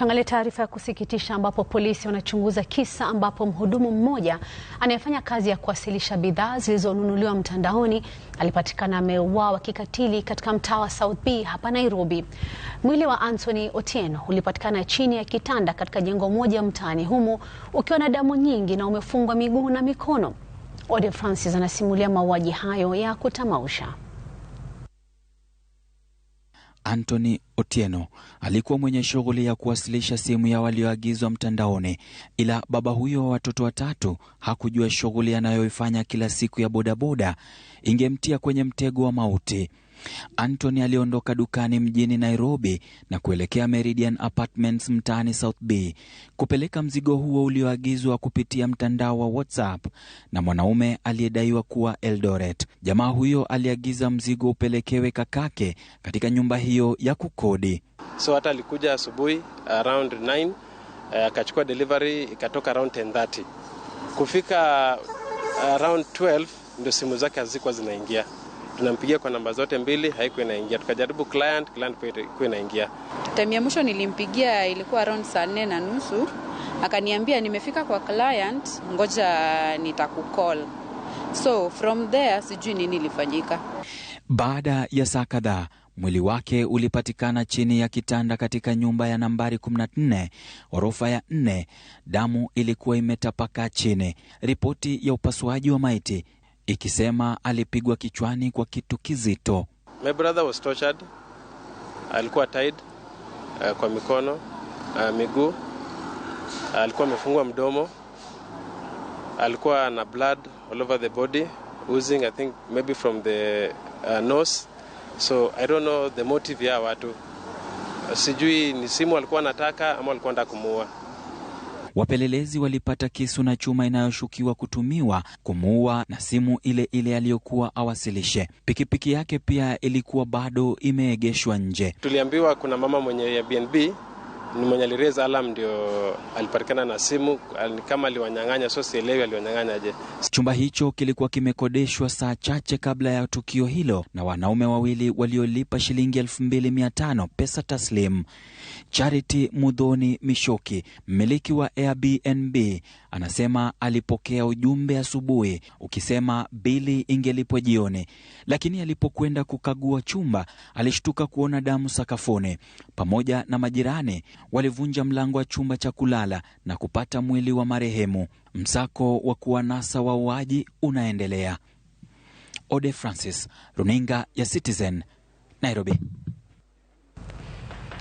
Tuangalie taarifa ya kusikitisha ambapo polisi wanachunguza kisa ambapo mhudumu mmoja anayefanya kazi ya kuwasilisha bidhaa zilizonunuliwa mtandaoni alipatikana ameuawa kikatili katika mtaa wa South B hapa Nairobi. Mwili wa Anthony Otieno ulipatikana chini ya kitanda katika jengo moja mtaani humo ukiwa na damu nyingi na umefungwa miguu na mikono. Ode Francis anasimulia mauaji hayo ya kutamausha. Anthony Otieno alikuwa mwenye shughuli ya kuwasilisha simu ya walioagizwa mtandaoni, ila baba huyo wa watoto watatu hakujua shughuli anayoifanya kila siku ya bodaboda ingemtia kwenye mtego wa mauti. Anthony aliondoka dukani mjini Nairobi na kuelekea Meridian Apartments mtaani South Bay kupeleka mzigo huo ulioagizwa kupitia mtandao wa WhatsApp na mwanaume aliyedaiwa kuwa Eldoret. Jamaa huyo aliagiza mzigo upelekewe kakake katika nyumba hiyo ya kukodi. So hata alikuja asubuhi around 9 eh, akachukua delivery ikatoka around 10:30. Kufika around 12 ndio simu zake hazikuwa zinaingia tunampigia kwa namba zote mbili haikuwa inaingia, tukajaribu client client pia ilikuwa inaingia. Time ya mwisho nilimpigia ilikuwa around saa nne na nusu akaniambia nimefika kwa client, ngoja nitakucall. So from there sijui nini ilifanyika. Baada ya saa kadhaa mwili wake ulipatikana chini ya kitanda katika nyumba ya nambari 14 orofa ya 4. Damu ilikuwa imetapakaa chini. Ripoti ya upasuaji wa maiti ikisema alipigwa kichwani kwa kitu kizito. My brother was tortured. Alikuwa tied uh, kwa mikono uh, miguu alikuwa amefungwa mdomo, alikuwa na blood all over the body oozing I think maybe from the uh, nose so I don't know the motive ya watu, sijui ni simu alikuwa anataka ama alikuwa anataka kumuua. Wapelelezi walipata kisu na chuma inayoshukiwa kutumiwa kumuua na simu ile ile aliyokuwa awasilishe. Pikipiki yake pia ilikuwa bado imeegeshwa nje. Tuliambiwa kuna mama mwenye Airbnb ni mwenye alireza alam ndio alipatikana na simu kama aliwanyang'anya, so sielewi aliwanyang'anyaje. Chumba hicho kilikuwa kimekodeshwa saa chache kabla ya tukio hilo na wanaume wawili waliolipa shilingi elfu mbili mia tano pesa taslim. Charity Mudhoni Mishoki, mmiliki wa Airbnb, anasema alipokea ujumbe asubuhi ukisema bili ingelipwa jioni, lakini alipokwenda kukagua chumba alishtuka kuona damu sakafuni pamoja na majirani walivunja mlango wa chumba cha kulala na kupata mwili wa marehemu. Msako wa kuwanasa wauaji unaendelea. Ode Francis, runinga ya Citizen, Nairobi.